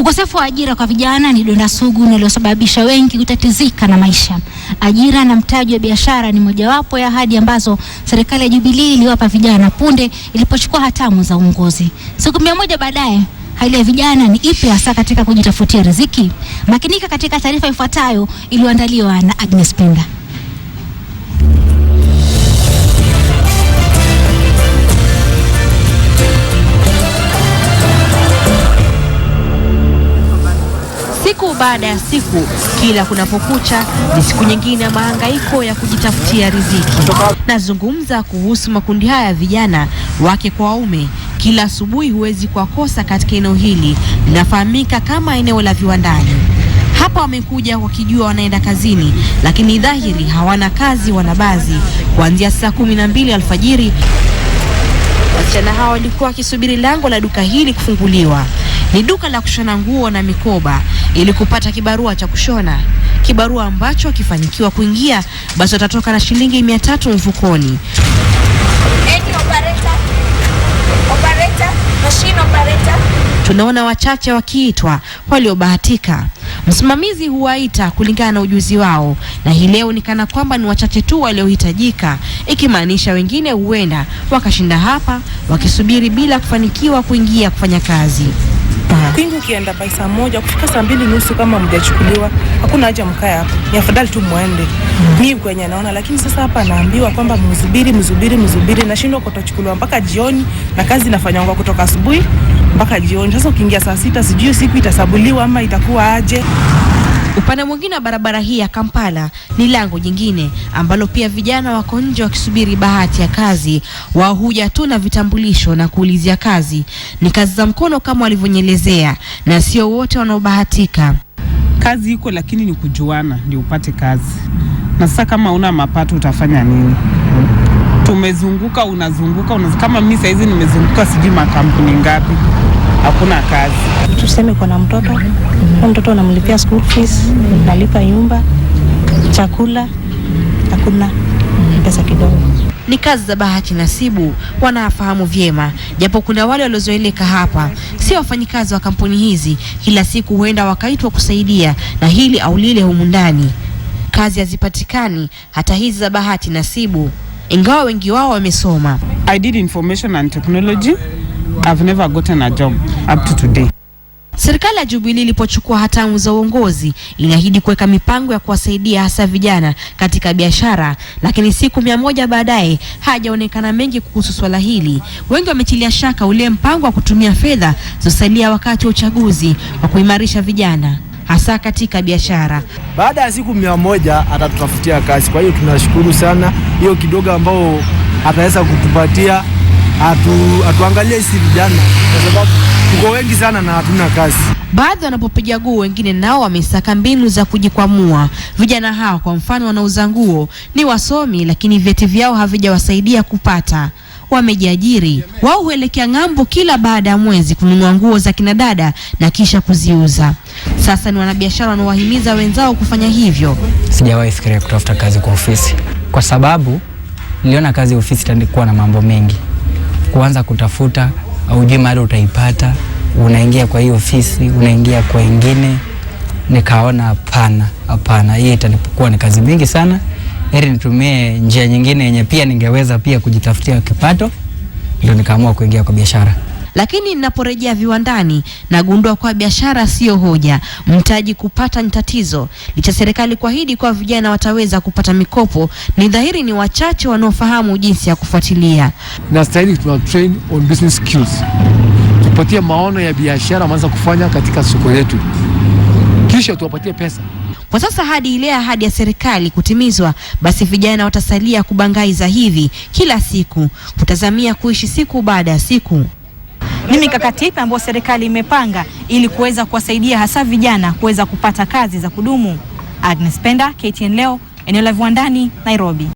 Ukosefu wa ajira kwa vijana ni donda sugu linalosababisha wengi kutatizika na maisha. Ajira na mtaji wa biashara ni mojawapo ya ahadi ambazo serikali ya Jubilee iliwapa vijana punde ilipochukua hatamu za uongozi. Siku mia moja baadaye hali ya vijana ni ipi hasa katika kujitafutia riziki? Makinika katika taarifa ifuatayo iliyoandaliwa na Agnes Pinda. baada ya siku, kila kunapokucha ni siku nyingine ya mahangaiko ya kujitafutia riziki. Nazungumza kuhusu makundi haya ya vijana, wake kwa waume. Kila asubuhi huwezi kuwakosa katika eneo hili, linafahamika kama eneo la viwandani. Hapa wamekuja wakijua wanaenda kazini, lakini dhahiri hawana kazi, wanabazi. Kuanzia saa kumi na mbili alfajiri wasichana hawa walikuwa wakisubiri lango la duka hili kufunguliwa. Ni duka la kushona nguo na mikoba, ili kupata kibarua cha kushona, kibarua ambacho akifanikiwa kuingia basi atatoka na shilingi mia tatu mfukoni. Tunaona wachache wakiitwa waliobahatika Msimamizi huwaita kulingana na ujuzi wao, na hii leo ni kana kwamba ni wachache tu waliohitajika, ikimaanisha wengine huenda wakashinda hapa wakisubiri bila kufanikiwa kuingia kufanya kazi. Kingi ukienda pai saa moja kufika saa mbili nusu kama mjachukuliwa, hakuna haja mkae hapa, ni afadhali tu mwende. Mi kwenye naona, lakini sasa hapa naambiwa kwamba mzubiri, mzubiri, mzubiri, nashindwa kutochukuliwa mpaka jioni, na kazi inafanywa kutoka asubuhi mpaka jioni. Sasa ukiingia saa sita, sijui siku itasabuliwa ama itakuwa aje. Upande mwingine wa barabara hii ya Kampala ni lango jingine ambalo pia vijana wako nje wakisubiri bahati ya kazi. Wao huja tu na vitambulisho na kuulizia kazi, ni kazi za mkono kama walivyonyelezea, na sio wote wanaobahatika. Kazi iko, lakini ni kujuana ndio upate kazi. Na sasa kama una mapato utafanya nini? Tumezunguka, unazunguka, unazunguka. Kama mimi saizi nimezunguka sijui makampuni ngapi hakuna kazi. Tuseme na mtoto huyo, mtoto unamlipia school fees, unalipa nyumba, chakula, hakuna pesa kidogo. Ni kazi za bahati nasibu, wanafahamu vyema, japo kuna wale waliozoeleka hapa, si wafanyikazi wa kampuni hizi, kila siku huenda wakaitwa kusaidia na hili au lile humu ndani. Kazi hazipatikani hata hizi za bahati nasibu, ingawa wengi wao wamesoma. I did information and technology I've never gotten a job up to today. Serikali ya Jubilee ilipochukua hatamu za uongozi iliahidi kuweka mipango ya kuwasaidia hasa vijana katika biashara, lakini siku mia moja baadaye hajaonekana mengi kuhusu swala hili. Wengi wamechilia shaka ule mpango wa kutumia fedha zosalia wakati wa uchaguzi wa kuimarisha vijana hasa katika biashara. Baada ya siku mia moja atatutafutia kazi, kwa hiyo tunashukuru sana hiyo kidogo ambao ataweza kutupatia atu, atuangalie sisi vijana kwa sababu tuko wengi sana na hatuna kazi. Baadhi wanapopiga guu, wengine nao wamesaka mbinu za kujikwamua. Vijana hao kwa mfano wanauza nguo, ni wasomi lakini vyeti vyao havijawasaidia kupata wamejiajiri wao huelekea ng'ambo kila baada ya mwezi kununua nguo za kina dada na kisha kuziuza. Sasa ni wanabiashara wanaowahimiza wenzao kufanya hivyo. Sijawahi fikiria kutafuta kazi kwa ofisi, kwa sababu niliona kazi ya ofisi itakuwa na mambo mengi kuanza kutafuta, aujui mahali utaipata, unaingia kwa hii ofisi, unaingia kwa ingine. Nikaona hapana, hapana, hii itanipokuwa ni kazi mingi sana, heri nitumie njia nyingine yenye pia ningeweza pia kujitafutia kipato, ndio nikaamua kuingia kwa biashara lakini ninaporejea viwandani nagundua kwa biashara siyo hoja, mtaji kupata ni tatizo. Licha serikali kuahidi kwa vijana wataweza kupata mikopo, ni dhahiri ni wachache wanaofahamu jinsi ya kufuatilia. Nastahili tuna train on business skills, tupatie maono ya biashara wanaanza kufanya katika soko letu, kisha tuwapatie pesa. Kwa sasa hadi ile ahadi ya serikali kutimizwa, basi vijana watasalia kubangai za hivi kila siku, kutazamia kuishi siku baada ya siku. Ni mikakati ipi ambayo serikali imepanga ili kuweza kuwasaidia hasa vijana kuweza kupata kazi za kudumu? Agnes Penda, KTN Leo, eneo la viwandani, Nairobi.